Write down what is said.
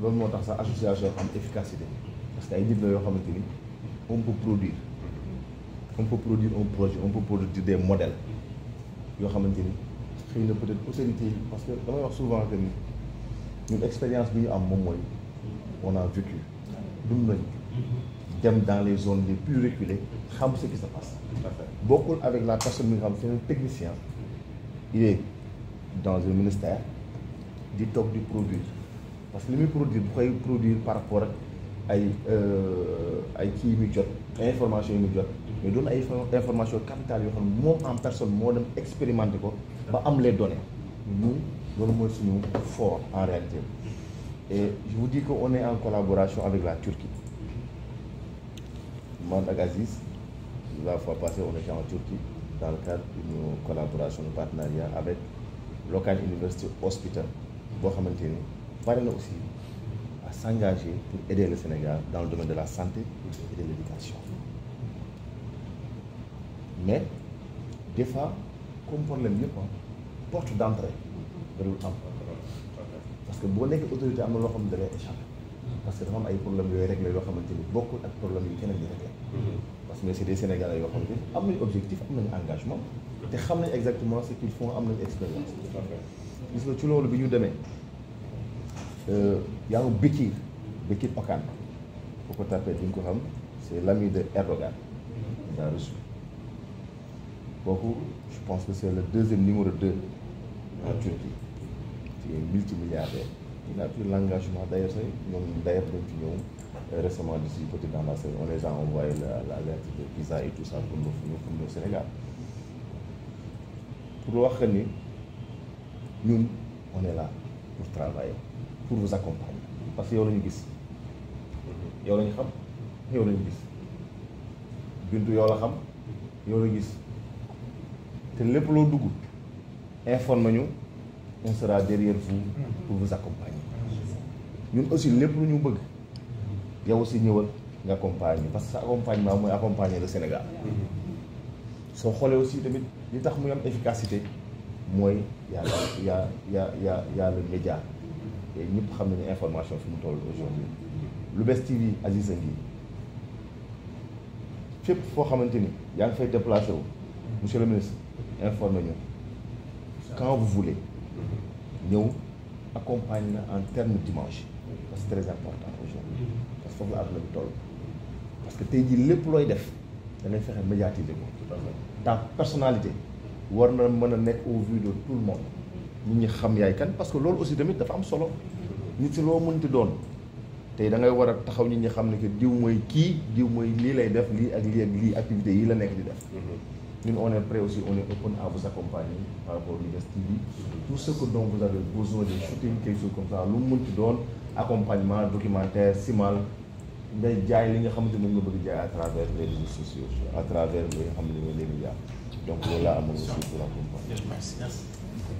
loolu moo tax sax association am efficacité parce que ay nit la yoo xamante ni on peut produire om peut produire un projet on peut produire des modèles yoo xamante ni xëy na peut-être postérité yi parce que damay wax souvent que ni ñun expérience bi ñu am moom mooy on a vécu dund nañ dem dans les zones les plus reculées xam ce qui se passe bokkul avec la personne bi nga xam c'est un technicien il dans un ministère di toog di produire parce que li muy produire bu koy produire par rapport ak ay euh, ay kii muy jot information yi muy jot mais doon ay information capitale yoo xam ne moom en personne moo dem expérimenté ko ba am les données mu loolu mooy suñu fort en réalité et je vous dis que en collaboration avec la Turquie man ak Aziz la fois passée on était en Turquie dans le cadre d'une collaboration de partenariat avec Local University Hospital boo xamante ni bari la aussi a s'engager pour aider le Sénégal dans le domaine de la santé et de l'éducation mais des fois comme problème yëpp porte d'entrée barul am parce que boo nekkee autorité am na loo xam ne da ngay parce que dafa am ay problème yooyu réglé yoo xamante ni bokkul ak problème yi que c'est des yoo xam ne am nañu objectif am nañu engagement te xam nañ exactement ce qu'ils font am nañu expérience gis nga ci loolu bi ñu demee yow Bekir Bekir Okan boo ko tapé di nga ko xam c'est l'ami de Erdogan il a reçu kooku je pense que c'est le deuxième numéro deux en Turquie c'est un multimilliardaire il a pris l'engagement d'ailleurs sax ñoom d'ailleurs dañ ci ñëw euh, récemment d'ici peut-être dans la série on les a envoyé la la visa et tout ça pour nous pour nous Sénégal pour wax ni ñun on est pour travailler pour vous accompagner parce que yow la gis yow lañu xam yow lañu gis bintu yow la xam yow la gis te lépp loo dugg informe ñu on sera derrière vous pour vous accompagner ñun aussi lépp lu ñu bëgg yow si ñëwal nga accompagne parce que sa accompagnement mooy accompagner le Sénégal soo xoolee aussi tamit li tax muy am efficacité mooy y'a y'a y'a y'a média te ñëpp xam nañu information fi mu toll aujourd'hui Lou'Bess TV Aziz a ngi foo xamante ni yaa ngi fay déplacé wu monsieur le ministre informe ñu quand vous voulez ñëw accompagne na en terme dimanche parce que c'est très important aujourd'hui parce parce que tey jii lépp looy def da ngay fexe médiatiser ko ta personnalité war na mën a nekk au vu tout le monde nit ñi xam yaay kan parce que loolu aussi tamit dafa am solo nit si loo ti doon tey da ngay war a taxaw nit ñi xam ne que diw mooy kii diw mooy lii lay def lii ak lii ak lii activités yi la nekk di def mm-hmm. ñun on est prêt on est open à vous accompagner par rapport au Louga TV tout ce que dont vous avez besoin de shooting doon accompagnement documentaire simal nga jaay li nga xamante moom nga bëgg jaay à travers les réseaux sociaux à travers li nga xam ne mooy les médias donc loolu laa amoon aussi pour accompagner